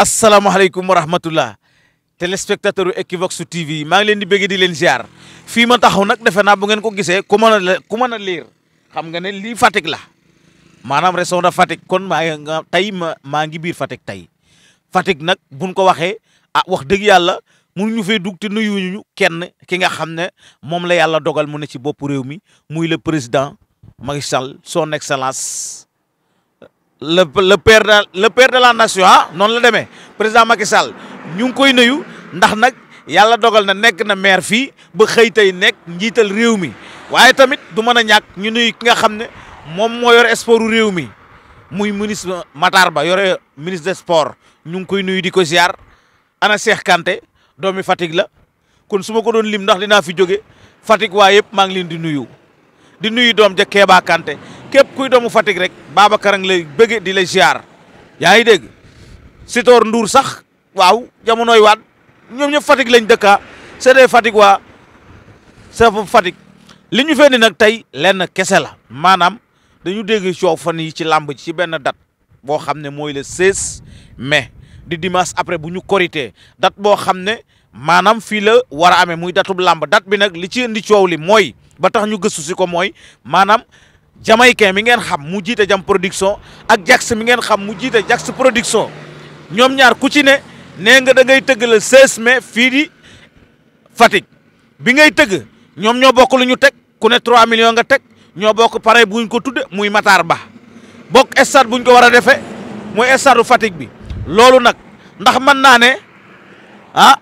asalaamaaleykum wa rahmatullah téléspectateur u Equivox TV maa ngi leen di bëgg di leen ziar fii ma taxaw nag defe naa bu ngeen ko gisee ku mën a ku mën a liir xam ne lii Fatick la maanaam région de Fatick kon maa nga tey ma maa ngi biir Fatick tey Fatick nag buñ ko waxee ah wax dëgg yàlla ñu fee dugg te ñu kenn ki nga xam ne moom la yàlla dogal mu ne ci bopp réew mi muy le président Macky Sall son excellence le le père de la nation ah noonu la demee président Macky Sall ñu ngi koy nuyu ndax nag yàlla dogal na nekk na maire fii ba xëy tey nekk njiital réew mi waaye tamit du mën a ñàkk ñu nuyu ki nga xam ne moom moo yore sportu réew mi muy ministre Matar Ba yore ministre de sports ñu ngi koy nuyu di ko ziar ana Cheikh Kanté doomi Fatick la kon su ma ko doon lim ndax dinaa fi jóge Fatick waa yëpp maa ngi leen di nuyu di nuyu doom ja Kéba Kanté képp kuy doomu Fatick rek Babacar a ngi lay bëgge di la jaar yaa ngi dégg Sitor nduur sax waaw jamonooy waat ñoom ñëpp Fatick lañ dëkkaa c'est des Fatick waa c'est Fatick li ñu fee nag tey lenn kese la maanaam dañu dégg coow fan yi ci làmb ci benn dat boo xam ne mooy le 16 mais di dimanche après bu ñu korité dat boo xam ne maanaam fii la war a amee muy datub làmb date bi nag li ci di coow li mooy ba tax ñu gëstu si ko mooy maanaam Jamaïcain mi ngeen xam mu jiite jam production ak Jax mi ngeen xam mu jiite Jax production ñoom ñaar ku ci ne nee nga da ngay tëgg le 16 mai fii di Fatick bi ngay tëgg ñoom ñoo bokk lu ñu teg ku ne 3 millions nga teg ñoo bokk bu buñ ko tudde muy Matar Ba bokk stade buñ ko war a defee muy stade Fatick bi loolu nag ndax man naa ne ah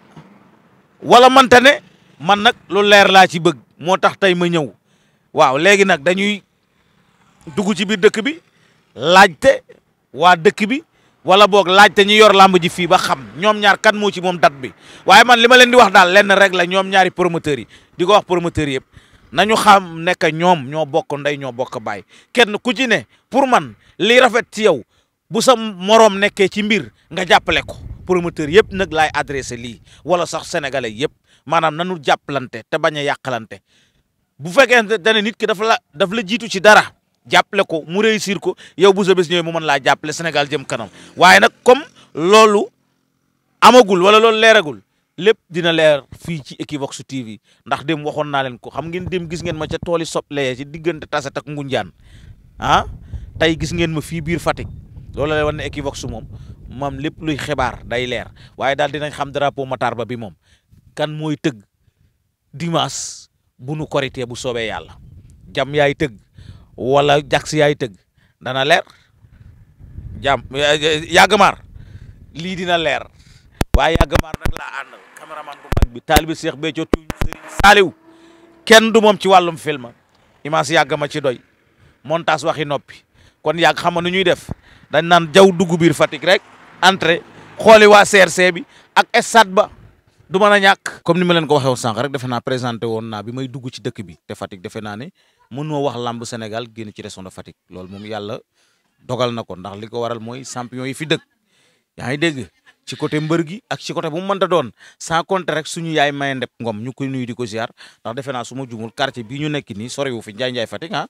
wala mënta ne man nag lu leer laa ci bëgg moo tax tey ma ñëw waaw léegi nag dañuy. dugg ci biir dëkk bi laajte waa dëkk bi wala boog laajte ñu yor làmb ji fii ba xam ñoom ñaar kan moo ci moom date bi waaye man li ma leen di wax daal lenn rek la ñoom ñaari promoteurs yi di ko wax promoteurs yëpp nañu xam ne ñoom ñoo bokk ndey ñoo bokk baay kenn ku ci ne pour man li rafet ci yow bu sa moroom nekkee ci mbir nga jàppale ko promoteur yëpp nag laay adressé lii wala sax sénégalais yëpp maanaam nanu jàppalante te bañ a yàqalante bu fekkee ne nit ki dafa la daf la jiitu ci dara jàppale ko mu réussir ko yow bu sa bés ñëwee mu mën laa jàppale Sénégal jëm kanam waaye nag comme loolu amagul wala loolu leeragul lépp dina leer fii ci Equivox TV ndax dem waxoon naa leen ko xam ngeen dem gis ngeen ma ca tooli soble ci diggante Tassat ak Ngunjaan ah tey gis ngeen ma fii biir Fatick loolu la wan ne Equivox moom moom lépp luy xibaar day leer waaye daal dinañ xam drapeau Matar Ba bi moom kan mooy tëgg dimanche bu nu korité bu soobee yàlla jam yay tëgg. wala jax yaay tëgg dana leer jàmm yàggamaar lii dina leer waaye yàggamaar nag laa àndal cameraman bu mag bi taalibi Seex Béthio Thioune Serigne kenn du moom ci wàllum film image yàgg ma ci doy montage waxi noppi kon yàgg xam nu ñuy def dañ naan jaw dugg biir Fatick rek entrée xooli waa CRC bi ak stade ba du mën a ñàkk. comme ni ma leen ko waxee woon sànq rek defe naa présenté woon na bi may dugg ci dëkk bi te Fatick defe naa ne. mënoo wax làmb Sénégal génn ci région de Fatick loolu moom yàlla dogal na ko ndax li ko waral mooy champion yi fi dëkk yaa ngi dégg ci côté mbër gi ak ci côté bu mu ta doon sans contre rek suñu yaay maye ndep ngom ñu koy nuyu di ko ziar ndax defe naa su ma jumul quartier bii ñu nekk nii soriwu fi Njaay Njaay Fatick ah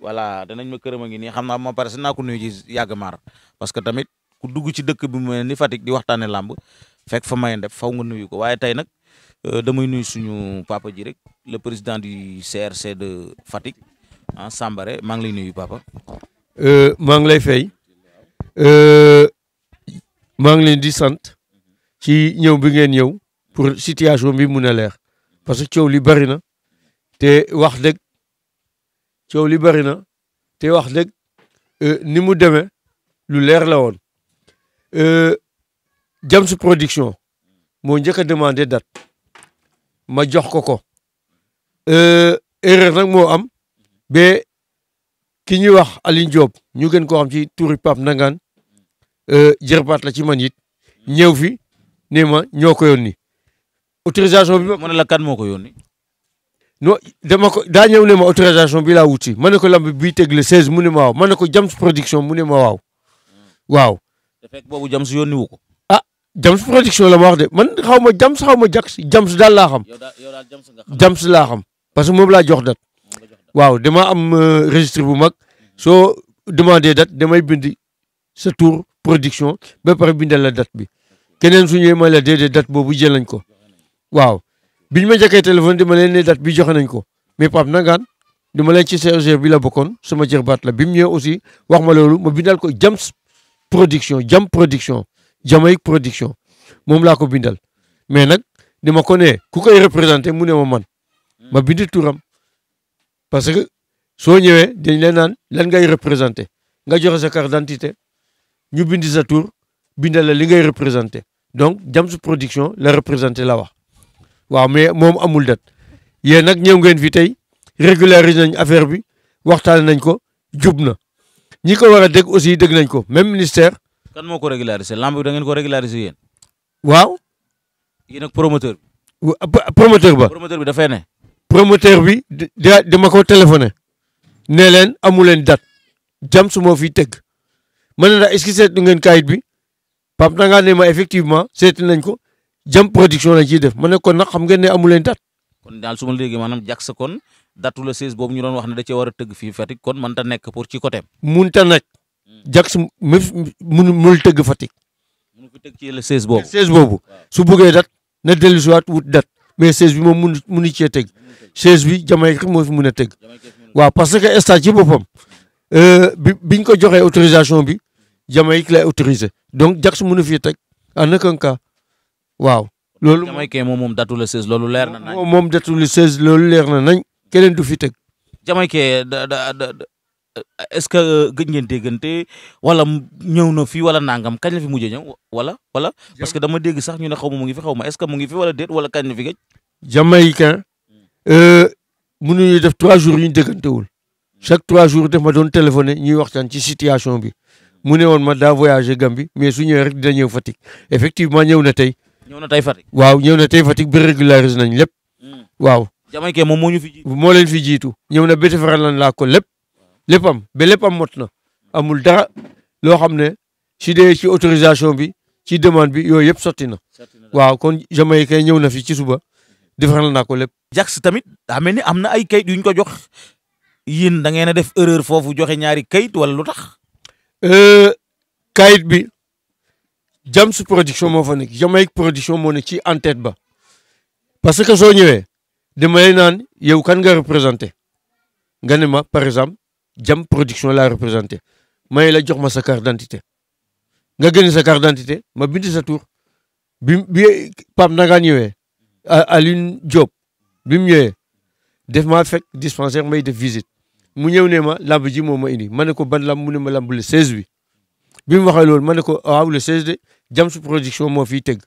voilà danañ ma këram a ngi nii xam naa ma pare si naa ko nuyu ji yàgg maar parce que tamit ku dugg ci dëkk bi mu mel ni Fatick di waxtaane làmb fekk fa maye ndep faw nuyu ko waaye tey nag euh, damay nuyu suñu papa ji rek le président du CRC de Fatick ah Sambare maa ngi lay nuyu papa. Euh, maa ngi lay fay euh, maa ngi leen di sant ci ñëw bi ngeen ñëw pour situation bi mun a leer parce que coow li bari na te wax dëgg coow li bari na te wax dëgg euh, ni mu demee lu leer la woon Jams Production moo njëkk a demandé date ma jox ko ko. Euh, erreur nag moo am ba ki ñuy wax Aline Diop ñu gën koo xam ci turi Pape Ndangaan euh, jërbaat la ci man it ñëw fi ne ma ñoo ko yónni autorisation bi. ma ne la kan moo ko yónni. non dama ko ñëw ne ma autorisation bi laa wuti ma ne ko lamb bii tegle le 16 mu ne ma waaw ma ko Jams production mu ne ma waaw waaw. te fekk boobu Jams yónni wu ko. ah Jams production la ma wax de man xaw ma Jams xaw ma Jaks Jams daal laa xam. daal Jams nga xam Jams laa xam. parce que moom laa jox date waaw dama am euh, registre bu mag soo demande date damay bind sa tour production ba pare bindal la date bi keneen su ñëwee ma la déedéet date boobu jël nañ ko waaw biñ ma njëkkee téléphone dama leen ne date bi joxe nañ ko mais Pape Nangaan dama leen ci CRG bi la bokkoon sama jër baat la bi mu ñëwee aussi wax ma loolu ma bindal ko Jams production Jam production Jamaïque production moom laa ko bindal mais nag dama ko ne ku koy représenté mu ne ma man. Mm. ma bind turam parce que soo ñëwee dañ leen naan lan ngay représenté nga joxe sa carte ñu bindi sa tur bindal la li ngay représenté donc Jams Production la représenté la wax waaw mais moom amul dat yéen nag ñëw ngeen fi tey régularise nañ affaire bi waxtaan nañ ko jub na ñi ko war a aussi dégg nañ ko même ministère. kan moo ko régularisé lamb bi da ngeen ko régularisé yéen. waaw. yéen ak promoteur bi. promoteur ba. promoteur bi dafay ne. promoteur bi di dama ko téléphoné ne leen amu leen date jam su moo fiy tëgg ma ne ndax est-ce que ngeen kayit bi Pape Ndanga ne ma effectivement seeti nañ ko jam production lañ ciy def ma ne kon nag xam ngeen ne amu leen date. kon daal su ma léegi maanaam Jax kon datu la 16 boobu ñu doon wax ne da cee war a tëgg fii Fatick kon mënta nekk pour ci côté. mënta nekk Jax mu mënul tëgg Fatick. mënul ko tëgg ci le 16 boobu. 16 boobu su buggee date na dellusiwaat wut date mais 16 bi moom mun mënu cee tëgg. chaise bi Jamaïque rek moo fi mën a tëgg waaw parce que stade ci boppam euh, bi biñ ko joxee autorisation bi Jamaïque lay autorisé donc Jax mën a fi teg en aucun ka waaw. loolu Jamaïcain moom moom datu le 16 loolu leer na nañ. moom datu le 16 loolu leer na nañ keneen du fi teg. Jamaïcain da da est-ce que euh, gëj ngeen déggante wala ñëw na fi wala nangam kañ la fi mujjee ñëw wala wala. parce que dama dégg sax ñu ne xaw ma mu ngi fi xaw ma est-ce que ngi fi wala déet wala kañ la fi gëj. Jamaïcain Euh, mënuñu def trois jours yu ñu déggantewul chaque trois jours def ma doon téléphoné ñuy waxtaan ci situation bi mu ne woon ma daa voyagé Gambie mais su ñëwee rek dina ñëw Fatick effectivement ñëw na tey. ñëw na tey Fatick. waaw ñëw na tey Fatick ba régularisé nañ lépp. Hmm. waaw. Jamaïcain moom moo ñu fi jiitu. moo leen fi jiitu ñëw na ba defaral laa ko lépp. léppam ba léppam mot na. amul dara loo xam ne si dee ci autorisation bi ci demande bi yooyu yëpp sotti na. waaw kon Jamaïcain ñëw na fi ci suba defaral naa ko lépp. Jax tamit daa mel ni am na ay kayit yuñ ko jox yéen da ngeen a def erreur foofu joxe ñaari kayit wala lu tax. Euh, kayit bi Jams production moo fa nekk Jamaïque production moo ne ci en tête ba parce que soo ñëwee damay naan yow kan nga représenté nga ne ma par exemple Jam production la représenté may la jox ma sa carte d'identité nga génne sa carte d'identité ma bind sa tur bi bi Pape na nga ñëwee Alioune bi mu ñëwee def maa fekk dispensaire may def visite mu ñëw ne ma lamb ji moo ma indi ma ne ko ban lamb mu ne ma lamb le bi bi mu waxee loolu ma ne ko waaw le 16 de jam production moo fiy tëgg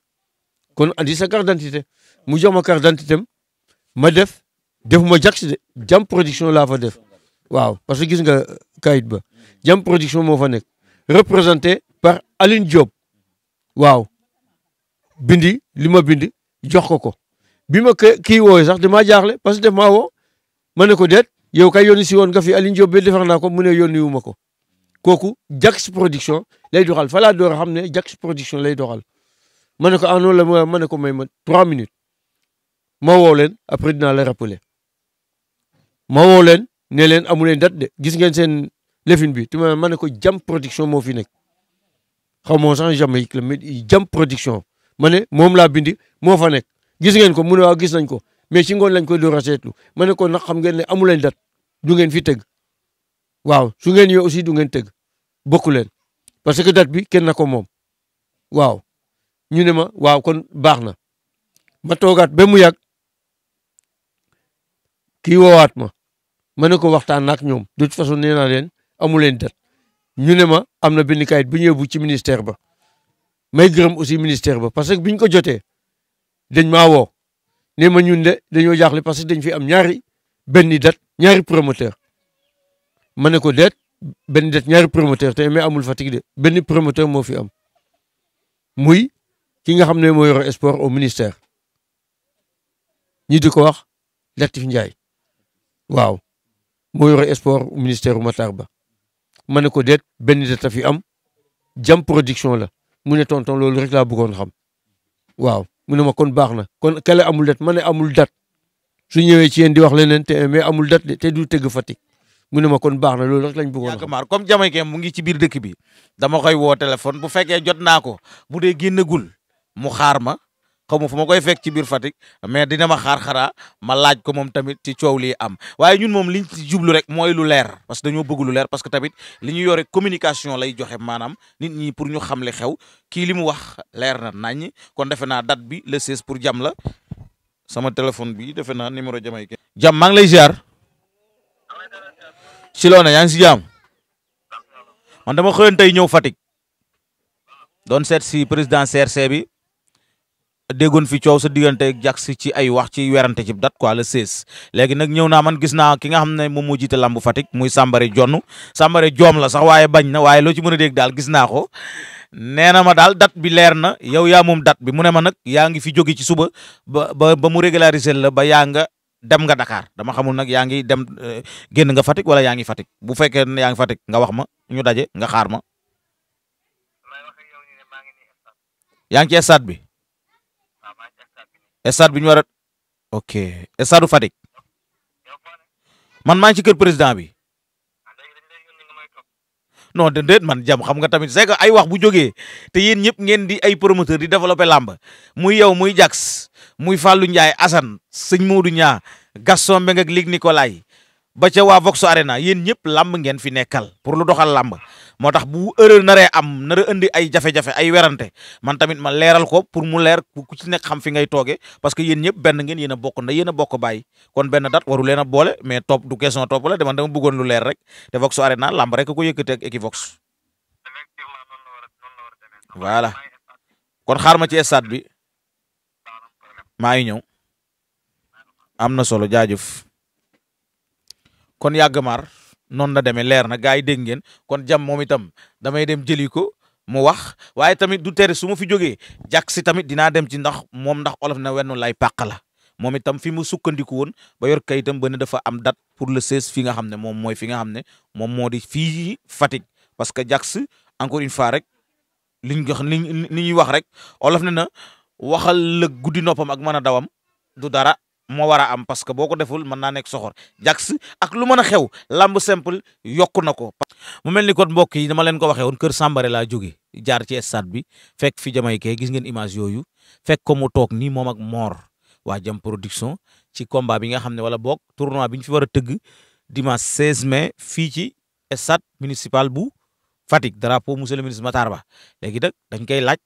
kon andi sa carte d'identité mu jox ma carte d'identité ma def defuma ma jax de jam production la fa def waaw parce que gis nga euh, kayit ba jam production moo fa nekk représenté par Aline Diop waaw bindi lima bindi bind jox ko ko bi ma kii wooyee sax damaa jaaxle parce que def maa woo ma ne ko det yow kay yónni si woon nga fi Alioune Diop ba naa ko mu ne yónni wu ma ko kooku Jax production lay doxal fa laa door a xam ne Jax production lay doxal ma ne ko ah noonu la ma ma ne ko may ma trois minutes ma woo leen après dinaa la rappeler ma woo leen ne leen amu leen date de gis ngeen seen lefin bi tu ma ne ko jam production moo fi nekk xaw ma woon sax Jamaïque la mais jam production ma ne moom laa bindi moo fa nekk. gis ngeen ko mu ne waaw gis nañ ko mais ci ngoon lañ koy door a seetlu ma ne ko nag xam ngeen ne amu leen dat du ngeen fi tëgg waaw su ngeen ñëwee aussi du ngeen tëgg bokku leen parce que dat bi kenn na ko moom waaw ñu ne ma waaw kon baax na ma toogaat ba mu yàgg kii woowaat ma ma ne ko waxtaan nak ñoom de toute façon nee naa leen amu leen date ñu ne ma am na benn kayit bu ñëw bu ci ministère ba may gërëm aussi ministère ba parce que biñ ko jotee dañ maa woo ne ma ñun de dañoo jaaxle parce que dañ fi am ñaari benn date ñaari promoteur ma ne ko deet benn date ñaari promoteur te mais amul Fatick de benn promoteur moo fi am muy ki nga xam ne moo yor sport au ministère ñi di ko wax fi Ndiaye waaw moo yor sport au ministère Matar Ba ma ne ko det benn date a fi am jam production la mu ne tonton loolu rek laa bëggoon xam waaw mu ne ma kon baax na kon kale amul date ma ne amul date su ñëwee ci yéen di wax leneen te mais amul date de te du teg Fatick mu ne ma kon baax na loolu rek lañ bëggoon a. maar comme Jamaïcain mu ngi ci biir dëkk bi dama koy woo téléphone bu fekkee jot naa ko bu dee génnagul mu xaar ma xaw ma fu ma koy fekk ci biir Fatick mais dina ma xaar xaraa ma laaj ko moom tamit ci coow li am waaye ñun moom liñ ci jublu rek mooy lu leer parce que dañoo bëgg lu parce que tamit li ñu yore communication lay joxe maanaam nit ñi pour ñu xam li xew kii li mu wax leer na ñi kon defe naa date bi le 16 pour jam la sama téléphone bi defe naa numéro jamay kenn. jàmm maa lay ziar. si loo yaa ngi si jàmm. man dama xëyoon ñëw Fatick. doon seet si président CRC bi. déggoon fi coow sa diggante ak Jax ci ay wax ci werante ci date quoi le 16 léegi nag ñëw naa man gis naa ki nga xam ne moom moo jiite fatik muy Sambare jonn Sambare joom la sax waaye bañ na waaye loo ci mën a dégg daal gis naa ko nee na ma daal date bi leer na yow yaa moom date bi mu ne ma nag yaa ngi fi jóge ci suba ba ba ba mu régulariser la ba yaa nga dem nga Dakar dama xamul nag yaa ngi dem euh, génn nga fatik wala yaa ngi Fatick bu fekkee ne yaa ngi nga wax ma ñu daje nga xaar ma yaa ngi ci bi stade bi ñu war ok stade u man maa ngi ci kër président bi non déedéet man jam xam nga tamit c'est ay wax bu jógee te yéen ñëpp ngeen di ay promoteur di développer lamba muy yow muy Jax muy Fallou Ndiaye Assane sëñ Modou ñaa Gaston Mbengue ak Luc Nicolaï ba ca waa Vox Arena yéen ñëpp làmb ngeen fi nekkal pour lu doxal làmb moo tax bu erreur naree am nar a indi ay jafe-jafe ay werante man tamit ma leeral ko pour mu leer ku ci nekk xam fi ngay toogee parce que yéen ñëpp benn ngeen yen a bokk nda yéen a bokk bàyyi kon benn date waru leena a boole mais topp du question topp la dama dama bëggoon lu leer rek te Vox Arena lamb rek ko yëkkatee ak Equivox. voilà kon xaar ma ci stade bi maa ngi ñëw am na solo jaajëf kon yàgg maar noonu la demee leer na gaa yi dégg ngeen kon jam moom itam damay dem jëli ko mu wax waaye tamit du tere su ma fi jógee jàk si tamit dinaa dem ci ndax moom ndax olof na wenn lay pàq la moom itam fi mu sukkandiku woon ba yor kayitam ba ne dafa am date pour le 16 fi nga xam ne moom mooy fi nga xam ne moom moo di fii Fatick parce que jàk si encore une fois rek liñ wax li ñuy wax rek olof ne na waxal la guddi noppam ak mën a dawam du dara moo war a am parce que boo ko deful mën naa nekk soxor jax ak lu mën a xew lamb simple yokku na ko. mu mel ni kon mbokk yi dama leen ko waxee Kër Sambare laa jóge jaar ci stade bi fekk fi Jamaïcain gis ngeen image yooyu fekk ko mu toog nii moom ak Mor waa Jam production ci combat bi nga xam ne wala boog tournoi bi ñu fi war a tëgg dimanche 16 mai fii ci stade municipal bu Fatick drapeau monsieur le ministre Matar Ba léegi nag dañ koy laaj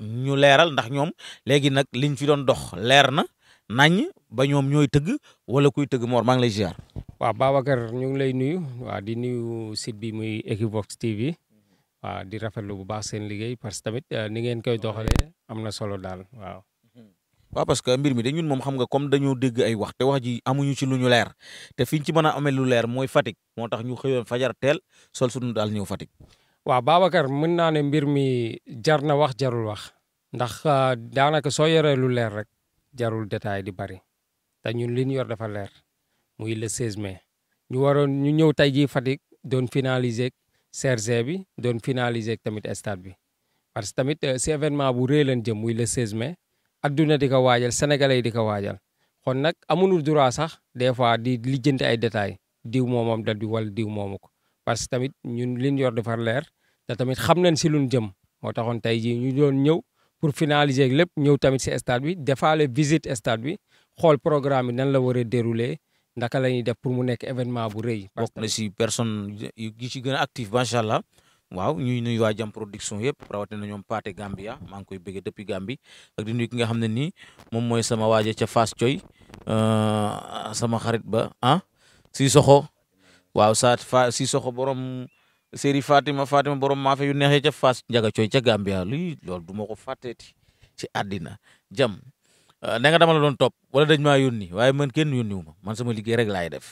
ñu leeral ndax ñoom léegi nag liñ fi doon dox leer na. nañ ba ñoom ñooy tëgg wala kuy tëgg moo maa ngi lay ziar. waaw Babacar ñu ngi lay nuyu waaw di nuyu site bi muy Equivox TV waaw di rafetlu bu baax seen liggéey parce que tamit eh, ni ngeen koy doxalee am na solo daal waaw. waaw parce que mbir mi de ñun moom xam nga comme dañoo dégg ay wax te wax ji amuñu ci lu ñu leer te fi ñu ci mën a amee lu leer mooy Fatick moo tax ñu xëyoon fajar teel sol suñu daal ñëw Fatick. waa Babacar mën naa ne mbir mi jar na wax jarul wax ndax ah, daanaka soo yoree lu leer rek jarul détail di bari te ñun li ñu yor dafa leer mu le 16 mai. ñu waroon ñu ñëw tey jii Fatick doon finaliser CRG bi doon finaliser tamit stade bi parce que tamit euh, si événement bu rëy leen jëm muy le 16 mai adduna di ko waajal sénégalais di ko waajal kon nag amuñu droit sax des fois di lijjanti ay détails diw moomam dal di wala diw moomu ko parce que tamit ñun liñ yor defar leer te tamit xam nañ si luñ jëm moo taxoon tey jii ñu doon ñëw pour finaliser lépp ñëw tamit si stade bi defaale visite stade bi xool programme bi la war a dérouler ndaka la ñuy def pour mu nekk événement bu rëy. bokk na si personne yi ci gën a active macha allah waaw ñuy nuyu waa Jam Production yëpp rawatina ñoom Paate Gambia maa ngi koy bëggee depuis Gambie ak di nuyu ki nga xam ne ni moom mooy sama waaje ca Fass Coy euh, sama xarit ba ah si soxo waaw saa fa si soxo borom. séri Fatima Fatima borom maafe yu neexee ca Njaga Coy ca loolu du ma ko fàtteeti ci àddina jam ah, ne nga la doon topp wala dañ maa yónni waaye man kenn yónniwu ma man sama liggéey rek laay def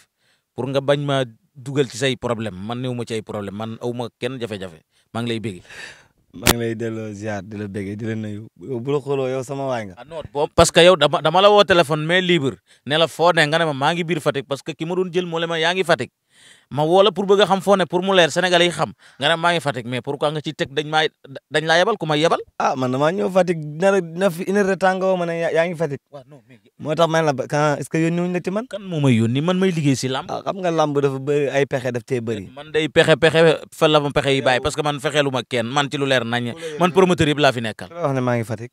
pour nga bañ maa dugal ci say problème man néew ma ci ay problème man aw ma kenn jafe-jafe maa ngi lay bégg. maa ngi lay delloo ziar di la béggee di la nuyu bu la xooloo yow sama waay nga. ah non bon parce que yow dama dama la woo téléphone ma maa ma woo la pour bëgg a xam foo ne pour mu leer senegal yi xam nga ne maa ngi Fatick mais pourquoi nga ciy teg dañ maa dañ laa yebal ku may yebal. ah man damaa a Fatick dina nga woo ma ne yaa ngi Fatick. waaw non moo tax man la quand est ce wuñ la ci man. kan moo may yónni man may liggéey si lamb. ah xam nga lamb dafa bëri ay pexe daf tee bari man day pexe pexe fa la ma pexe yi bàyyi parce que man fexeelu ma kenn man ci lu leer nañ man promoteur yëpp laa fi nekkal. wax ne maa ngi Fatick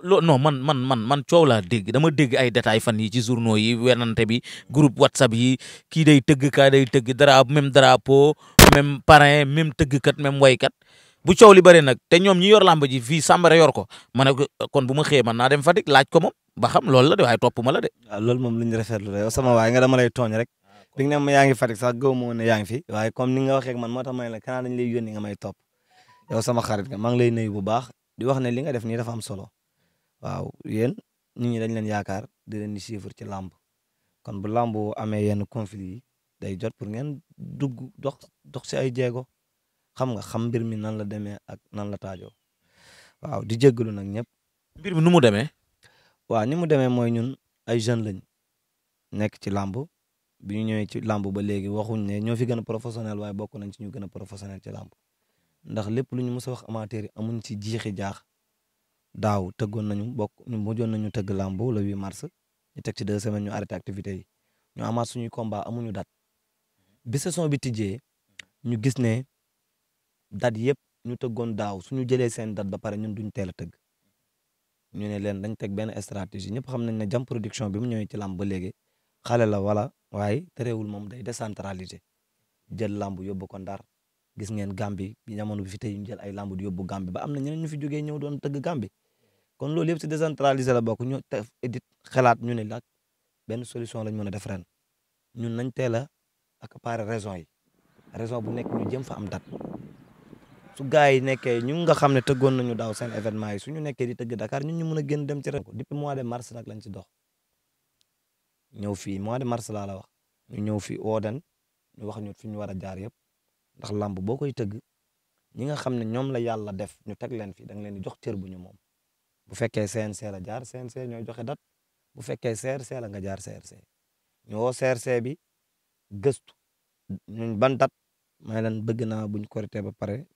loo non man man man man coow laa dégg dama dégg ay détails fan yi ci journaux yi wenante bi groupe whatsapp yi kii day tëgg kaa day tëgg dara même drapeau même parrain kat tëggkat même kat bu coow li bëri nag te ñoom ñi yor làmb ji fii Sambara yor ko ma ne kon bu ma xëyee man naa dem Fatick laaj ko moom ba xam loolu la de waaye topp ma la de. waaw loolu moom la ñu rafetlu sama waay nga dama lay tooñ rek ah, bi nga ne ma yaa ngi Fatick sax gëw ma woon ne yaa ngi fi waaye comme ni nga waxee man ma tax ma ne la kanaa dañ lay yónni nga may topp sama xarit nga maa ngi lay nuyu bu baax di wax ne li nga def nii dafa am solo waaw yéen ñu ñi dañ leen yaakaar di leen di ci làmb kon bu làmb amee yenn conflit day jot pour ngeen dugg dox dox si ay jéego xam nga xam mbir mi nan la demee ak nan la taajoo waaw di jéggalu nag ñëpp. mbir mi nu mu demee. waaw ni mu demee mooy ñun ay jeunes lañ nekk ci làmb bi ñu ñëwee ci lamb ba léegi waxuñ ne ñoo fi gën a professionnel waaye bokk nañ ci ñu gën a professionnel ci làmb ndax lépp lu ñu mës a wax amateur yi amuñ ci jiixi jaax daaw tëggoon nañu bokk mujjoon nañu tëgg làmbu le 8 mars ñu teg ci deux semaines ñu arrêté activité yi ñu amaat suñuy combat amuñu date mhm. bi saison bi tijjee mhm. ñu gis ne date yëpp ñu tëggoon daaw suñu jëlee seen date ba pare ñun duñ teel a tëgg mhm. ñu ne leen dañ teg benn stratégie ñëpp xam nañ ne jam production bi mu ñëwee ci làmb ba léegi xale la wala waaye terewul moom day décentralisé jël làmb yóbbu ko ndar gis ngeen Gambie bi jamono bi fi ñu jël ay làmb di yóbbu Gambie ba am na ñeneen ñu fi jógee ñëw doon tëgg Gambie kon loolu yëpp si décentralisé la bokk ñu te di xalaat ñu ne lak benn solution lañ mën a def ren ñun nañ teel a pare raison yi raison bu nekk ñu jëm fa am date su gars yi nekkee ñu nga xam ne tëggoon nañu daw seen événement yi su ñu nekkee di tëgg Dakar ñun ñu mën a génn dem ci ren depuis mois de mars nag lañ dox ñëw fii mois de mars laa la wax ñu ñëw fii ooden ñu wax ñu fi ñu war a jaar yëpp ndax làmb boo koy tëgg ñi nga xam ne ñoom la yàlla def ñu teg leen fi da leen di jox cër bu ñu moom bu fekkee CNC la jaar CNC ñooy joxe date bu fekkee CRC la nga jaar CRC ñu woo CRC bi gëstu ñun ban date may leen bëgg naa buñ korité ba pare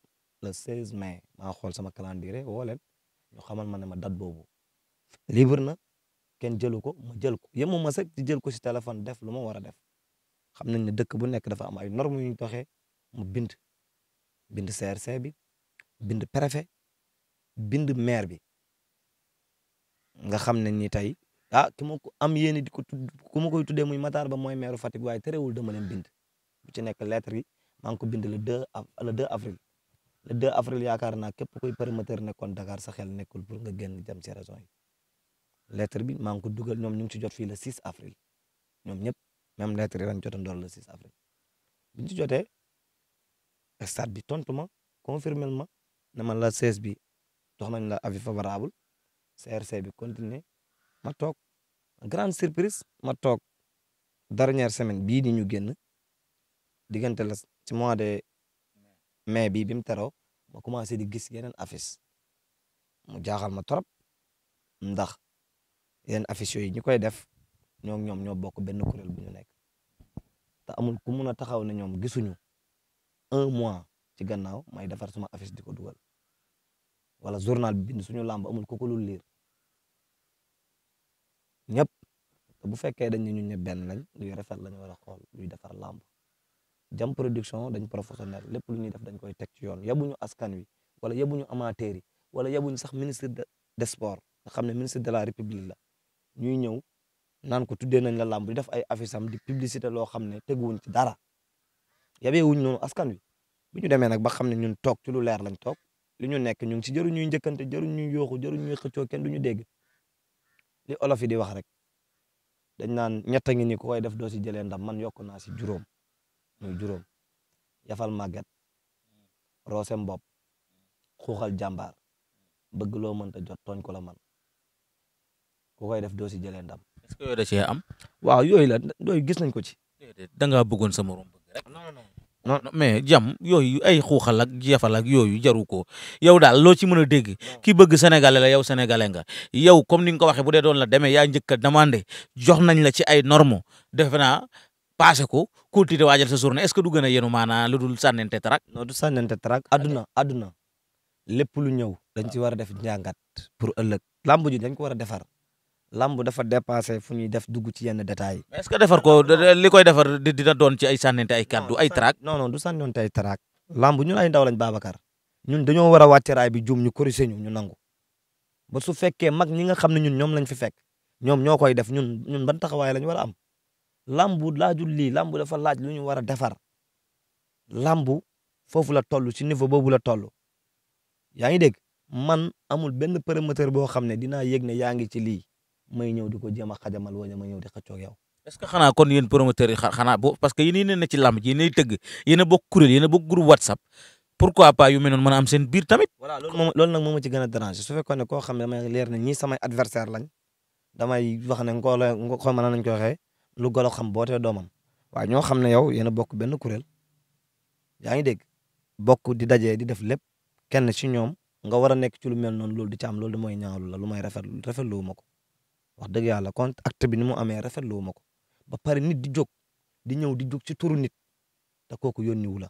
le 16 mai maa xool sama calendrier woo leen ñu xamal ma ne ma date boobu libre na kenn jëlu ko ma jël ko yemuma ma sax di jël ko si téléphone def lu ma war a def xam nañ ne dëkk bu nekk dafa am ay normes yu ñu doxee mu bind bind CRC bi bind préfet bind maire bi nga xam ne nii tey ah ki ma ko am yéene di ko tudd ku ma koy tuddee muy Matar Ba mooy maire Fatick waaye terewul dama leen bind bu ci nekk lettre yi maa ngi ko bind le 2 le 2 avril le yaakaar naa képp kuy promoteur nekkoon Dakar sa xel nekkul pour nga génn jëm ci raison yi lettre bi maa ngi ko dugal ñoom ñu ngi ci jot fii le 6 avril ñoom ñëpp même lettre yi lañ jotandoo le 6 avril bu ñu ci jotee stade bi tontu ma confirmel ma ne man la 16 bi jox nañ la avis favorable CRC bi continuer ma toog grande surprise ma toog dernière semaine bii di ñu génn diggante la ci mois de mai bii bi mu teroo ma commencé di gis yeneen affiche mu jaaxal ma trop ndax yeneen affiche yooyu ñu koy def ñoo ñoom ñoo bokk benn kuréel bu ñu nekk te amul ku mun a taxaw ne ñoom gisuñu un mois ci gannaaw may defar suma affiche di ko dugal wala journal bi bind suñu làmb amul ku lu liir ñëpp bu fekkee dañ ne ñu ñëpp benn lañ luy rafet la ñu walla a xool luy defar làmb jam production dañ professionnel lépp lu ñuy def dañ koy teg ci yoon ñu askan wi wala yabuñu amateur yi wala yabuñu sax ministre des sports nga xam ne ministre de la république la ñuy ñëw naan ko tuddee nañ la làmb di def ay affiche am di publicité loo xam ne teguwuñ ci dara yabeewuñ noonu askan wi bu ñu demee nag ba xam ne ñun toog ci lu leer lañ toog li ñu nekk ñu ngi ci jëru ñuy njëkkante jëru ñu yooxu jëru ñu xëccoo kenn du ñu dégg li olof yi di wax rek dañ naan ñett ngi ni koy def doo si jëlee ndam man yokk naa si juróom juróom yafal màgget roose mbopp xuuxal jàmbaar bëgg loo mënta jot tooñ ko la man ku koy def doo si jëlee ndam. est-ce que yooyu waaw yooyu la yooyu gis nañ ko ci. da ngaa bëggoon sa morom bëgg rek. non non non mais jam yooyu ay xuuxal ak jafal ak yooyu jaru ko yow daal loo ci mën a dégg ki bëgg sénégalais la yow sénégalais nga yow comme ni nga ko waxee bu dee doon la demee yaa njëkk a demandé jox nañ la ci ay normo defe naa passé ko continué waajal sa journée est ce que du gën a yéenu maanaa lu dul sànnante tarak. noo du sànnante tarak àdduna àdduna lépp lu ñëw. dañ ci war a def njàngat pour ëllëg. làmb ji dañ ko war a defar. lamb dafa dépassé fu ñuy def dugg ci yenn détails yi. est-ce que defar ko li koy defar dina doon ci ay sànnante ay kaddu ay traak. non non du sànnante ay traak. lamb ñun ay ndaw lañ Babacar ñun dañoo war a wàcce raay bi juum ñu corrigé ñu ñu nangu ba su fekkee mag ñi nga xam ne ñun ñoom lañ fi fekk ñoom ñoo koy def ñun ñun ban taxawaay lañ war a am. lambu laajul lii lambu dafa laaj lu ñu war a defar lambu foofu la toll ci niveau boobu la toll yaa ngi dégg man amul benn promoteur boo xam ne dinaa yëg ne yaa ngi ci lii may ñëw di ko jéem a xajamal wala ñëw di xëccoog yow. est parce que yéen a ne ci làmb ji yéen a tëgg yéen a bokk kuréel yéen a bokk groupe whatsapp pourquoi pas yu mel noonu mën am seen biir tamit. voilà nag ma ci gën a déranger su fekkoon ne koo xam ne leer ne ñii samay adversaire lañ damay wax ne ngoo la xaw ma nañ ko waxee lu golo xam bootee doomam waa ñoo xam ne yow yéen a bokk benn kuréel yaa ngi dégg bokk di dajee di def lépp kenn si ñoom nga war a nekk ci lu mel noonu loolu di ci am loolu mooy ñaawlu la lu may rafetlu rafetlu ma ko wax dëgg yàlla kon acte bi ni mu amee rafetlu ma ko ba pare nit di jog di ñëw di jóg ci tur nit te kooku yónniwu la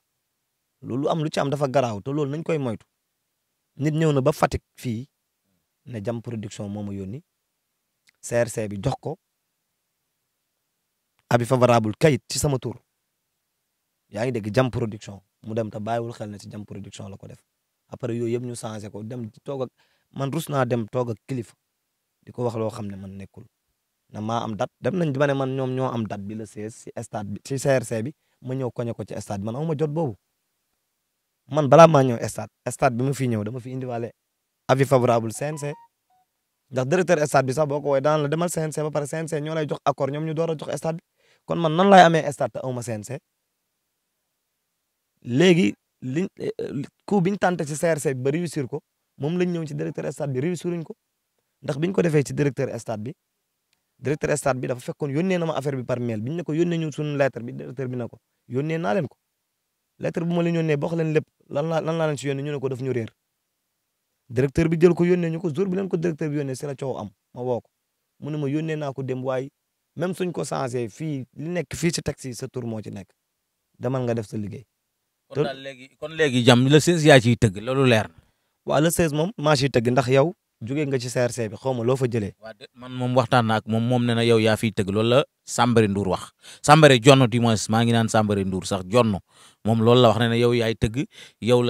loolu am lu ci am dafa garaaw te loolu nañ koy moytu nit ñëw na ba Fatick fii na jam production moo ma yónni CRC bi jox ko abi favorable kayit ci sama tur yaa ngi dégg jam production mu dem te bàyyiwul xel na ci jam production la ko def après yooyu yëpp ñu changé ko dem toog ak man rus naa dem toog ak kilifa di ko wax loo xam ne man nekkul na maa am date dem nañ ba ne man ñoom ñoo am date bi la CES si stade bi ci CRC bi ma ñëw ko ci stade bi man ma jot boobu man balaa maa ñëw stade stade bi ma fi ñëw dama fi indiwaale avis favorable CNC ndax directeur stade sax boo ko daan la demal CNC ba pare CNC ñoo lay jox accord ñoom ñu door a jox stade kon man nan laay amee stade te aw ma CNC léegi liñ eh, eh, coup biñ tànte ci CRC bi ba réussir ko moom lañ ñëw ci directeur stade bi réussiruñ ko ndax biñ ko defee ci directeur stade bi directeur stade bi dafa fekkoon yónnee na ma affaire bi par mail biñ ne ko yónnee ñu suñu lettre bi directeur bi na ko yónnee naa leen ko lettre bu ma leen yónnee boo xam leen lépp lan laa lan laa leen si yónnee ñu ne ko daf ñu réer directeur bi jël ko yónnee ñu ko jour bi leen ko directeur bi yónnee si la coow am ma woo ko mu ne ma yónnee naa ko dem waaye même suñ ko changé fii li nekk fii ci taxi sa tur moo ci nekk demal nga def sa liggéey. kon daal léegi kon léegi jàmm le 16 yaa ciy tëgg loolu leer na. waaw le moom maa ciy tëgg ndax yow jóge nga ci CRC bi xaw ma loo fa jële waaw man moom waxtaan na ak moom moom ne na yow yaa fiy tëgg loolu la Sambare Ndour wax Sambare jonn du moins maa ngi naan Sambare Ndour sax jonn moom loolu la wax ne ne yow yaay tëgg yow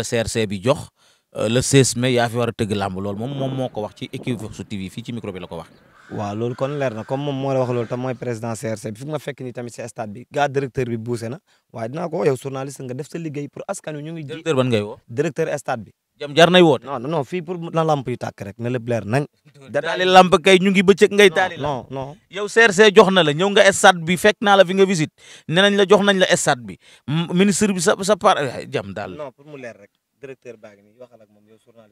euh, a tëgg làmb loolu moom moom moo ko wax ci Equivox TV fii ci micro bi la ko wax. waaw loolu kon leer na comme moom moo la wax loolu tam mooy président CRC bi fi ma fekk nii tamit si stade bi gaa directeur bi buuse na waaye dinaa ko yow journaliste nga def sa liggéey pour askan wi ñu ngi. directeur ban ngay woo bi. jam jar nay woote. non non fii pour na lamp yi tàkk rek na lépp leer nañ. daali lamp kay ñu ngi bëccëg ngay. taali non non yow CRC jox na la ñëw nga stade bi fekk naa la fi nga visite nee nañ la jox nañ la stade bi ministre bi sa sa par eh, jam daal.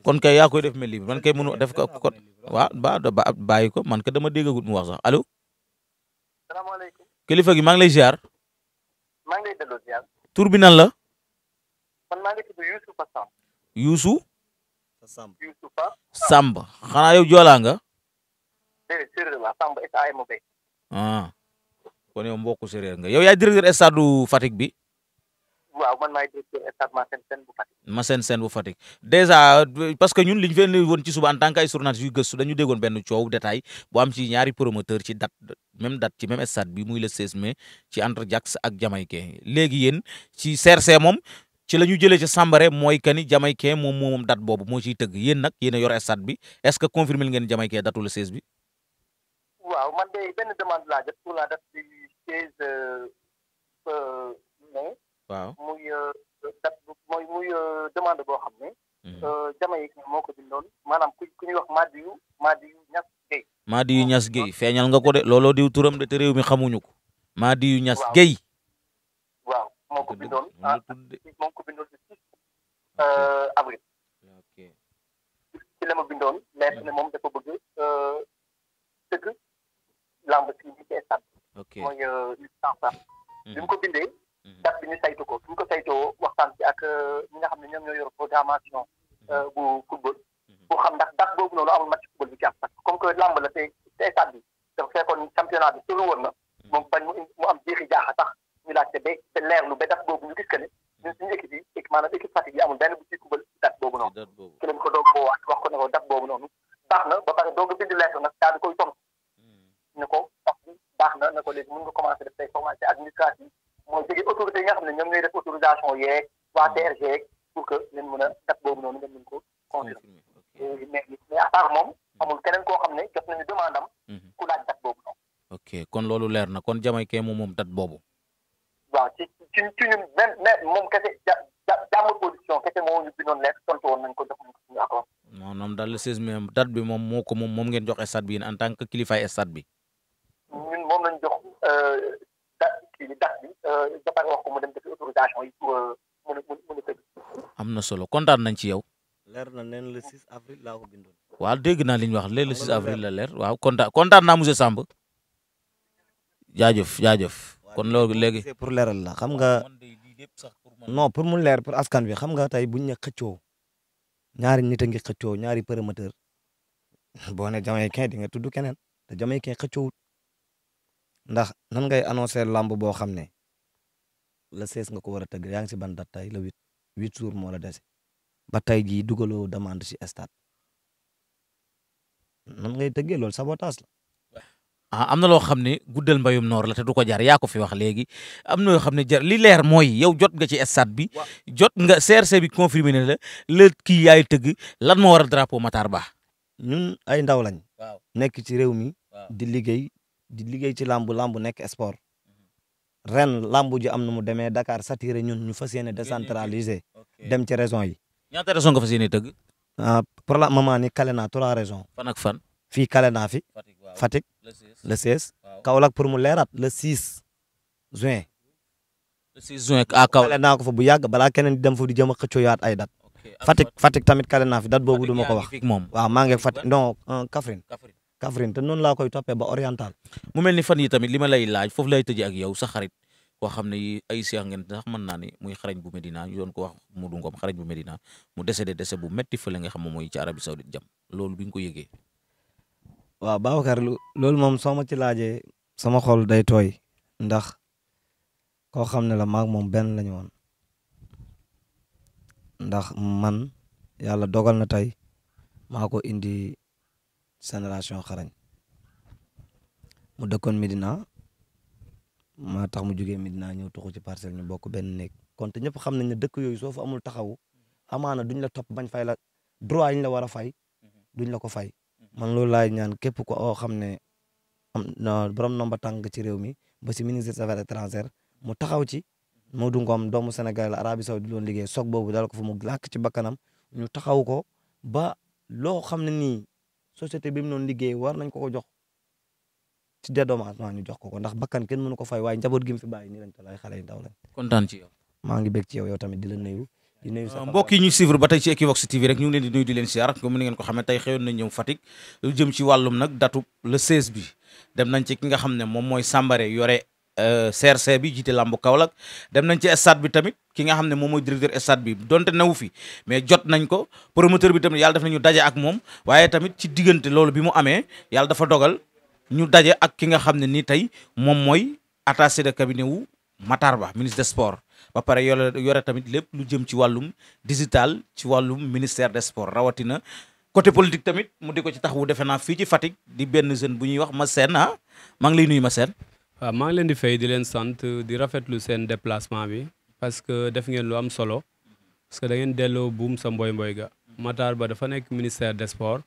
kon kay yaa koy def mel ni man kay mënu def ko kon waaw ba bàyyi ko man ka dama déggagut mu wax sax allo. gi maa ngi lay ziar. la. Youssou Samb xanaa yow Joola nga ah kon yow mbokku séeréer nga yow yaay directeur stade du Fatick bi waaw man maay directeur stade Massène Sène bu Fatick. déjà parce que ñun li ñu fee woon ci suba en tant que ay yu gëstu dañu déggoon benn coow détail bu am ci ñaari promoteur ci date même dat ci mem stade bi muy le 16 mai ci entre Jacks ak Jamaïcain léegi yéen ci CRC moom ci la ñu jëlee ci Sambare mooy que ni Jamaïcain moom moom date boobu moo ciy tëgg yéen nag yéen a yor stade bi est-ce que confirmé ngeen Jamaïcain datu le 16 bi. waaw man de la date du 16 euh, mai. muy euh, muy euh, demande boo xam ne. Mhm. Jamaïcain moo ko bindoon maanaam ku ku ñuy wax Madiou Madiou Niass Guèye. Madiou Niass Guèye feeñal nga ko de looloo diw turam de te réew mi xamuñu ko. Madiou Niass Guèye. moo ko bindoon ah moo ko bindoon le 6 euh, avril. ok ci la ma bindoon lettre ne moom dafa bëgg dëgg euh, lamb si bi ci stade. ok mooy licençat. Euh, bi mu mhm. ko bindee. Mhm. date bi ñu saytu ko suñ ko saytoo waxtaan ci ak ñi nga xam ne ñoom ñoo yor programmation mhm. bu football. boo xam ndax date boobu noonu amul match football bi ci am parce comme que lamb la te stade bi dafa fekkoon championnat bi tëlu woon na. moom bañ mu am jeexi jaaxa sax. ñu laajte ba te leerlu ba daf boobu ñu gis que ne boobu noonu ci boobu noonu baax na ba pare doog a bind lettre nag daal di koy tontu hmm. ne ko baax na ne ko léegi mën nga commencé def tey formation administrative mooy jógee autorité yi nga xam ne ñoom ñooy def autorisation yeeg waa DRG hmm. yeeg pour que leen mën a date boobu noonu ngeen mën ko confirmer mais mais moom hmm. amul keneen koo xam ne jot nañu demande am ku laaj date boobu noonu ok kon loolu leer na kon Jamaïcain moom moom date boobu mais moom moo ñu nañ ko jox ko suñu accord. daal le 16 mai date bi moom moo ko moom moom ngeen jox stade bi en tant que kilifaay stade bi. ñun moom lañ euh, euh, autorisation yi euh, na solo kontaan nañ ci yow. leer na leen le 6 avril laa dégg naa li ñu wax la leer waaw kontaan kontaan naa monsieur Samb. jaajëf jaajëf kon loolu léegi. c'est pour leeral la xam nga. yëpp sax pour non mu leer pour askan bi xam nga tey buñ ne xëccoo ñaari nit a ngi xëccoo ñaari promoteur boo ne Jamaïcain di nga tudd keneen te Jamaïcain xëccoowut ndax nan ngay annoncer lamb boo xam ne la 16 nga ko war a tëgg yaa ngi si ban date tey le 8 8 jours moo la dese ba tey jii dugaloo demande si stade nan ngay tëggee loolu sabotage ah am na loo xam ne guddal mbayum noor la te du ko jar yaa ko fi wax léegi am na loo xam ne jar li leer mooy yow jot nga ci stade bi. jot nga CRC bi confirmé na la la kii yaay tëgg lan moo waral drapeau Matar Ba. ñun ay ndaw lañ. nekk ci réew mi. di liggéey di liggéey ci làmb làmb nekk sport. Mhm. ren lambu ji am na mu demee Dakar saturé ñun ñu fas yéene décentraliser. dem ci raison yi. ñaata raison nga fas yéene tëgg. ah pour le moment fii kale naa fi Fatick le 16 Kaolack pour mu leeraat le 6 juin. le 6 juin à naa ko fa bu yàgg balaa keneen di dem foofu di jëm a xëccoo yaat ay dat Fatick Fatick tamit kale naa dat boobu du ma wax. moom maa ngi Fatick non euh, noonu laa koy toppe ba oriental. mu mel ni fan yi tamit li ma lay laaj foofu lay tëjee ak yow sa xarit koo xam ne ay seex sax mën naa ni muy xarañ bu Medina ñu doon ko wax mu du ngoom xarañ bu Medina mu décédé décès nga xam moom mooy ci Arabie Saoudite jam loolu bi nga ko yëgee. waaw Babacar loolu moom soo ma ci laajee sama xol day tooy ndax koo xam ne la maak moom benn lañu woon ndax man yàlla dogal na tey maa ko indi génération xarañ mu dëkkoon Medina maa tax mu jugee Medina ñëw tuxu ci parcelle ñu bokk benn néeg kon te ñëpp xam nañ ne dëkk yooyu soo fa amul taxawu amaana duñ la topp bañ fay la droit yi la war a fay duñ la ko fay man loolu laay ñaan képp ko oo xam ne am borom nomba tànk ci réew mi ba si ministre des affaires étrangères mu taxaw ci Modou Ngom doomu Sénégal la Arabie Saoudite doon liggéey soog boobu dal ko fu mu làkk ci bakkanam ñu taxaw ko ba loo xam ne nii société bi mu noon liggéey war nañ ko ko jox ci dédommagement ñu jox ko ko ndax bakkan kenn mënu ko fay waaye njaboot gi mu fi bàyyi nii lañ toll ay xale yu ndaw lañ. kontaan ci yow. maa ngi bég ci yow tamit di la nuyu. Euh, mbokk yi ñuy ba tey ci Equivox TV rek ñu ngi leen di nuyu di leen siyaar comme ni ngeen ko xamee tey xëyoon nañ ñëw Fatick jëm ci wàllum nag datu le 16 bi dem nañ ci ki nga xam ne moom mooy Sambare yore CRC euh, bi jiite làmbu Kaolack dem nañ ci stade bi tamit ki nga xam ne moom mooy directeur stade bi donte newu fi mais jot nañ ko promoteur bi tamit yàlla def nañu daje ak moom waaye tamit ci diggante loolu bi mu amee yàlla dafa dogal ñu daje ak ki nga xam ne nii tey moom mooy attaché de cabinet wu Matar Ba ministre des ba pare yore yore tamit lépp lu jëm ci wàllum digital ci wàllum ministère des sports rawatina côté politique tamit mu di ko ci taxawu defe naa fii ci Fatick di benn jeune bu ñuy wax Massène ah maa ngi lay nuy ma waaw maa ngi leen di fay di leen sant di rafetlu seen déplacement bi parce que def ngeen lu am solo parce que da ngeen delloo buum sa mbooy mbooy ga Matar Ba dafa nekk ministère des sports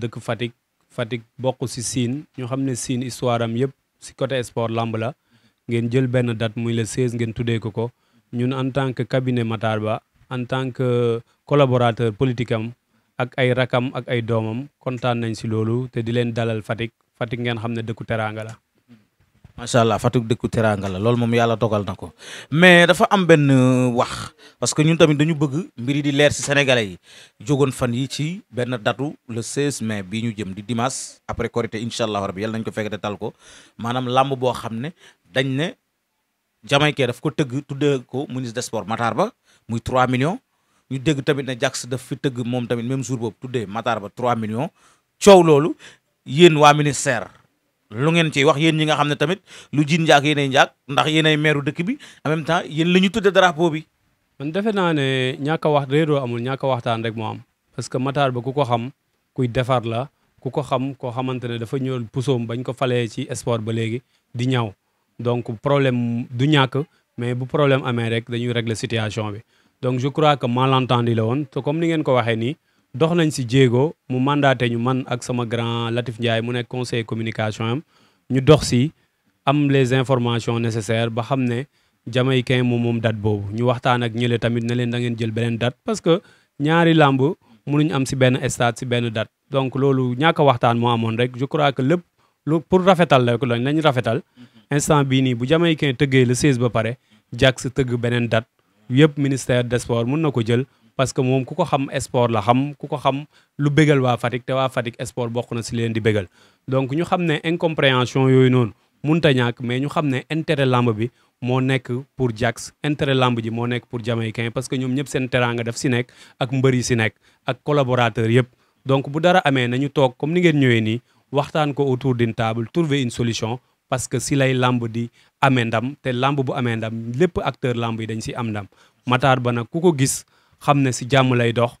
dëkk Fatick Fatick bokk si Sine ñu xam ne Sine histoire am yëpp si côté sport lamb la ngeen jël benn date muy le 16 ngeen tuddee ko ko ñun en tant que cabinet Matar Ba en tant que collaborateur politique ak ay rakam ak ay doomam kontaan nañ si loolu te di leen dalal Fatick Fatick ngeen xam ne dëkku teraanga la. macha allah Fatick dëkku teraanga la loolu moom yàlla dogal na ko mais dafa am benn wax parce que ñun tamit dañu bëgg mbir yi di leer si sénégalais yi jógoon fan yi ci benn datu le 16 mais bii ñu jëm di dimas après Korité incha allah rabi yàlla nañ ko fekk te tal ko maanaam làmb boo xam ne Jamaïcain daf ko tëgg tuddee ko ministre sport sports Matar Ba muy 3 millions ñu dëgg tamit na Jax daf fi tëgg moom tamit même jour boobu tuddee Matar Ba 3 millions coow loolu yéen waa ministère lu ngeen ciy wax yéen ñi nga xam ne tamit lu jiin njaag yéenay njaag ndax yéenay meeru dëkk bi en même temps yéen la ñu tuddee drapeau bi. man defe naa ne ñàkk a wax réeroo amul ñàkk waxtaan rek moo am parce que Matar Ba ku ko xam kuy defar la ku ko xam koo xamante ne dafa ñëw pusoom bañ ko falee ci sport ba léegi di ñaw. donc problème du ñàkk mais bu problème amee rek dañuy régler situation bi donc je crois que malentendu la woon te comme ni ngeen ko waxee ni dox nañ si jéego mu mandaté ñu man ak sama grand Latif Ndiaye mu nekk conseil communication am ñu dox si am les informations nécessaires ba xam ne jamaïcain moom moom date boobu ñu waxtaan ak ñële tamit ne leen da ngeen jël beneen date parce que ñaari làmb nuñ am si benn stade si benn date donc loolu ñàkk a waxtaan moo amoon rek je crois que lépp lu pour rafetal la lañ nañ rafetal mm-hmm. instant bii nii bu jamaïcain tëggee le 16 ba pare Jax tëgg beneen dat yëpp ministère des sports mun na ko jël parce que moom ku ko xam sport la xam ku ko xam lu bégal waa Fatick te waa Fatick sport bokk na si leen di bégal donc ñu xam ne incompréhension yooyu noonu munta ñàkk mais ñu xam ne intere lamb bi moo nekk pour Jax intérêt lamb ji moo nekk pour jamaïcain parce que ñoom ñëpp seen teraanga def si nekk ak mbër yi si nekk ak collaborateur yëpp donc bu dara amee nañu toog comme ni ngeen ñëwee nii waxtaan ko autour d'une table trouver une solution parce que si lay lamb di ame ndam te lamb bu amee ndam lépp acteur lamb yi dañ si am ndam Matar Ba nag ku ko gis xam ne si jàmm lay dox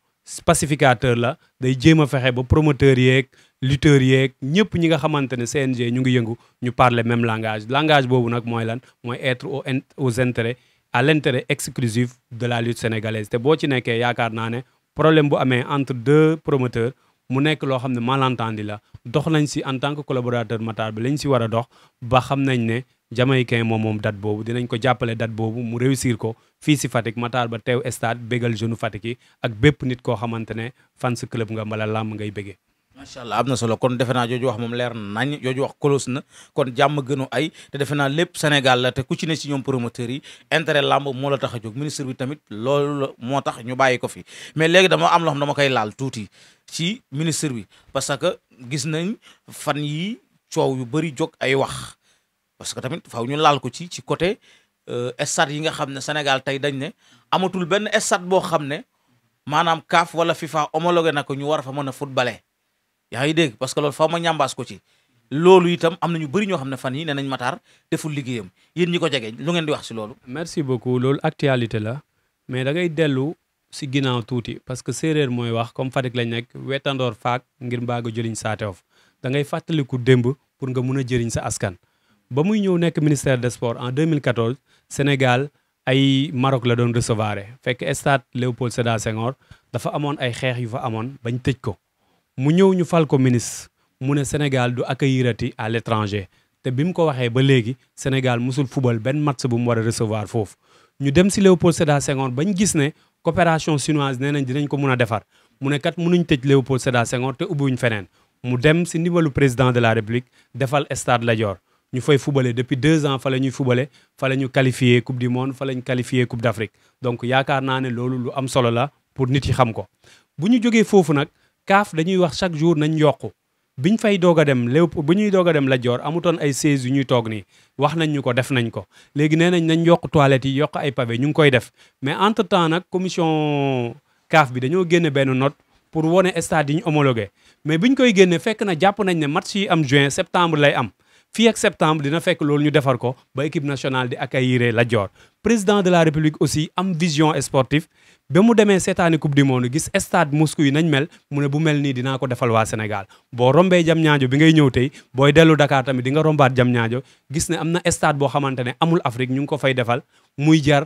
pacificateur la day jéem a fexe ba promoteur yeeg lutteur yeeg ñëpp ñi nga xamante ne CNG ñu ngi yëngu ñu parler même langage langage boobu nag mooy lan mooy être au aux intérêts à l'intérêt exclusif de la lutte sénégalaise te boo ci nekkee yaakaar naa ne problème bu amee entre deux promoteurs mu nekk loo xam ne malentendu la dox nañ si en tant que collaborateur Matar bi lañ si war a dox ba xam nañ ne jamaïcain moom moom date boobu dinañ ko jàppale date boobu mu réussir ko fii si Fatick Matar ba teew estade bégal jeune Fatick yi ak bépp nit koo xamante ne fans club nga mbala làmb ngay béggee macha allah am na solo kon defe naa jooju wax moom leer nañ jooju wax kolos na kon jàmm gënu ay te defe naa lépp Sénégal la te ku ci ne si ñoom promoteurs yi intérêt làmb moo la tax a jog ministre bi tamit loolu moo tax ñu bàyyi ko fi mais léegi dama am loo xam dama koy laal tuuti ci ministre bi parce que gis nañ fan yi coow yu bëri jóg ay wax parce que tamit faaw ñu laal ko ci ci côté euh, stade yi nga xam ne Sénégal tey dañ ne amatul benn stade boo xam ne maanaam CAF wala FIFA na ko ñu war fa mën a footballer yaa ngi dégg parce que loolu faw ma ñambaas ko ci loolu itam am na ñu bëri ñoo xam ne fan yi ne nañ Matar deful liggéeyam yéen ñi ko jege lu ngeen di wax si loolu merci beaucoup loolu actualité la mais dangay dellu si ginnaaw tuuti parce que séeréer mooy wax comme Fatick lañ nekk wetandoor faak ngir mbaaga jëliñ saatewof da ngay fàttaliku démb pour nga mun a jëriñ sa askan ba muy ñëw nekk ministère de sports en deux mille 2014 Sénégal ay Maroc la doon recevoir fekk stade Léopold Sédar Senghor dafa amoon ay xeex yu fa amoon bañ tëj ko mu ñëw ñu fal ko ministre mu ne Sénégal du accueillirati à l'étranger te bi mu ko waxee ba léegi Sénégal musul fubal benn match bu mu war a recevoir foofu ñu dem si Léopold Sédar Senghor bañ gis ne coopération chinoise nee nañ dinañ ko mun a defar mu ne kat munuñ tëj Léopold Sédar Senghor te ubbiwuñ feneen mu dem si ndimbalu président de la République defal stade Lat ñu fay fubale depuis deux ans fa la ñuy fubale fa la ñu qualifié coupe du monde fa la ñu qualifié coupe donc yaakaar naa loolu lu am solo la pour nit yi xam ko bu ñu kaaf dañuy wax chaque jour nañ yokku biñ fay doog a dem lépp bu ñuy doog a dem la joor amutoon ay chaise yu ñuy toog nii wax nañ ñu ko def nañ ko léegi nee nañ nañ yokk toilettes yi yokk ay pavé ñu ngi koy def mais entre temps nag commission kaaf bi dañoo génne benn not pour wone stade yi ñu homologué mais biñ koy génne fekk na jàpp nañ ne match yi am juin septembre lay am fii ak septembre dina fekk loolu ñu defar ko ba équipe nationale di accueillir la Dior président de la république aussi am vision sportive ba mu demee seetaani coupe du monde gis stade Moscou yi nañ mel mu ne bu mel nii dinaa ko defal waa Sénégal boo rombee jam ñaajo bi ngay ñëw tey booy dellu Dakar tamit dinga rombaat jam ñaajo gis ne am na stade boo xamante ne amul Afrique ñu ngi ko fay defal muy jar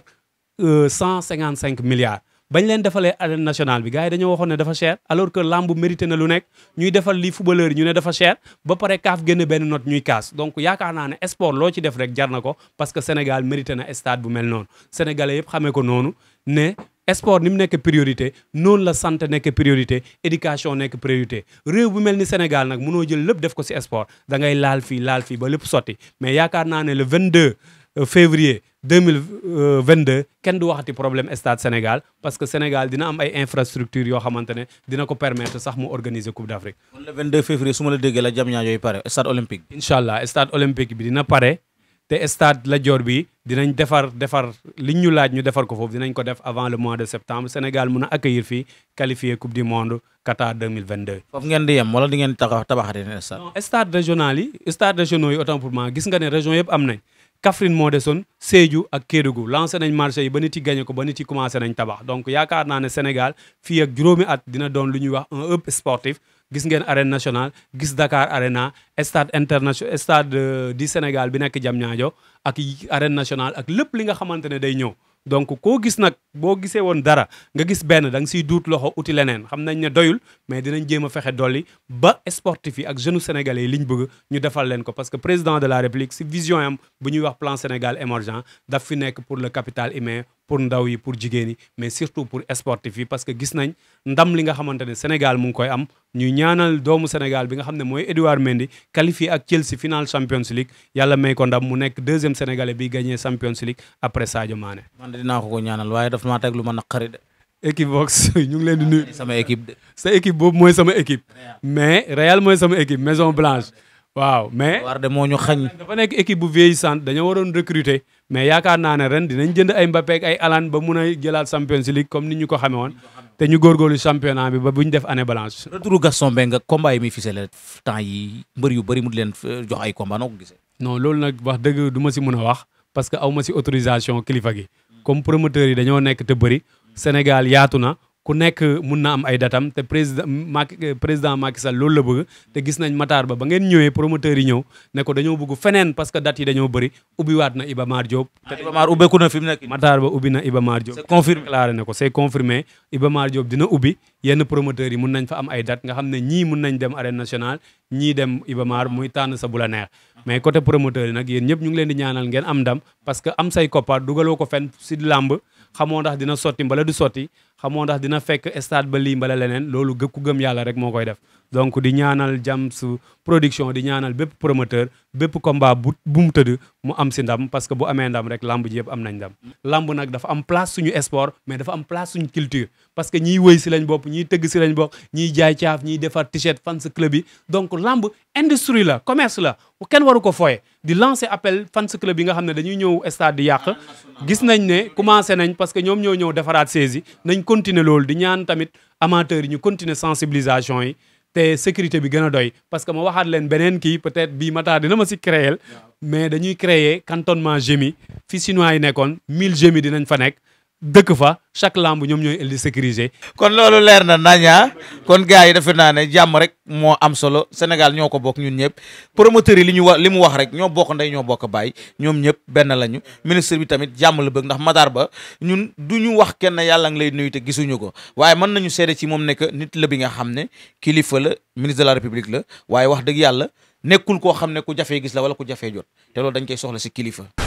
euh, cent cinquante cinq milliards bañ leen defalee arène nationale bi gars yi dañoo waxoon ne dafa cher que lamb mérité na lu nekk ñuy defal lii footballeur ñu ne dafa cher ba pare kaaf génne benn not ñuy kaas donc yaakaar naa ne sport loo ci def rek jar na ko parce que Sénégal mérité na stade bu mel noonu sénégalais yëpp xamee ko noonu ne sport ni mu nekk priorité noonu la santé nekk priorité éducation nekk priorité réew bu mel ni Sénégal nag mënoo jël lépp def ko si sport da ngay laal fii laal fii ba lépp sotti mais yaakaar naa ne le 22 euh, février 2022 euh, kenn du waxati problème stade Sénégal parce que Sénégal dina am ay infrastructures yoo xamante ne dina ko permettre sax mu organiser Coupe d'Afrique. kon le 22 la déggee la jam ñaa yooyu pare stade olympique. incha allah stade olympique bi dina pare. te stade Lat Dior bi dinañ defar defar li ñu laaj ñu defar ko foofu dinañ ko def avant le mois de septembre Sénégal mun a accueillir fii qualifié coupe du monde Qatar 2022. foofu ngeen di yem wala di ngeen taxaw tabaxati ne stade. non stade régional yi stade régionaux yi autant pour gis nga ne région yëpp am nañ Kaffrine moo desoon Sédhiou ak Kédougou lancé nañ marché yi ba nit yi gagné ko ba nit yi commencé nañ tabax donc yaakaar naa ne Sénégal fi ak juróomi at dina doon lu ñuy wax un hub sportif. gis ngeen arène nationale gis Dakar Arena stade international stade euh, di Sénégal bi nekk Diamniadio ak arène nationale ak lépp li nga xamante ne day ñëw. donc koo gis nag boo gisee woon dara nga gis benn dang nga siy duut loxo uti leneen xam nañ ne doyul mais dinañ jéem a fexe dolli ba sportif yi ak jeunes sénégalais yi li ñu bëgg ñu defal leen ko parce que président de la république si vision am bu ñuy wax plan Sénégal émergent daf fi nekk pour le capital mais pour ndaw yi pour jigéen yi mais surtout pour sportif yi parce que gis nañ ndam li nga xamante ne Sénégal mu ngi koy am ñu ñaanal doomu Sénégal bi nga xam ne mooy Edouard Mendy qualifié ak Chelsea final Champions League yàlla may ko ndam mu nekk deuxième sénégalais bi gagné Champions League après Sadio Mané. man de ko ko ñaanal waaye daf maa teg lu ma naqari de. Equivox ñu ngi leen di nuyu. sama équipe de. sa équipe boobu mooy sama équipe. mais Real mooy sama équipe Maison waaw mais Warde moo ñu xañ dafa nekk équipe bu sant dañoo waroon recruter mais yaakaar naa ne ren dinañ jënd ay Mbappé ak ay Alan ba mun a jëlaat Champions League comme ni ñu ko xame woon te ñu góorgóorlu championnat bi ba bu ñu def année balance. retouru Gaston Mbengue combat yi muy ficelé temps yi mbër yu bëri mu leen euh, jox ay combat noo ko gisee. non loolu nag wax dëgg du ma si mën a wax parce que aw ma si autorisation kilifa gi comme promoteurs yi dañoo nekk te bëri Sénégal yaatu na ku nekk mun na am ay datam te président Macky président Macky loolu la bëgg te gis nañ Matar Ba ba ngeen ñëwee promoteur yi ñëw ne ko dañoo bëgg feneen parce que dates yi dañoo bëri ubbiwaat na Iba Mar Diop. te ah, Iba Mar ubbeeku na fi mu nekk. Matar ubbi na Iba Mar Diop. c'est ko c'est confirmé Iba Mar Diop dina ubbi yenn promoteurs yi mun nañ fa am ay date nga xam ne ñii mun nañ dem arène nationale ñii dem Iba Mar muy tànn sa bu la mais côté promoteur yi nag yéen ñëpp ñu ngi leen di ñaanal ngeen am ndam parce que am say koppar dugaloo ko fenn si xamoo ndax dina sotti mbala du sotti xamoo ndax dina fekk stade ba lii mbala leneen loolu gëkku gëm yàlla rek moo koy def donc di ñaanal Jams production di ñaanal bépp promoteur bépp combat bu bu mu tëdd mu am si ndam parce que bu amee ndam rek lamb ji yëpp am nañ ndam lamb nag dafa am place suñu sport mais dafa am place suñu culture parce que ñii wëy si lañ bopp ñiy tëgg si lañ bopp ñiy jaay caaf ñiy defar t-shirt fans club yi donc lamb industrie la commerce la kenn waru ko fooye di lancer appel fans club yi nga xam ne dañuy ñëw stade yàq gis nañ ne commencé nañ parce que ñoom ñoo ñëw defaraat saisi nañ continuer loolu di ñaan tamit amateurs yi ñu sensibilisation yi te sécurité bi gën a doy parce que ma waxaat leen beneen kii peut-être bii mataa dina ma si créer mais dañuy créer cantonnement gémi fi chinois yi nekkoon 1000 gémi dinañ fa nekk dëkk fa chaque lamb ñoom ñooy indi sécuriser. kon loolu leer na naña ah. kon gars yi defe naa ne jàmm rek moo am solo Sénégal ñoo ko bokk ñun ñëpp promoteurs yi li ñu wax li mu wax rek ñoo bokk ndey ñoo bokk baay ñoom ñëpp benn lañu ministre bi tamit jàmm la bëgg ndax Matar Ba ñun du ñu wax kenn yàlla ngi lay nuyu te gisuñu ko waaye mën nañu seede ci moom nekk nit la bi nga xam ne kilifa la ministre de la république la waaye wax dëgg yàlla nekkul koo xam ne ku jafe gis la wala ku jafee jot te loolu dañ koy soxla si kilifa.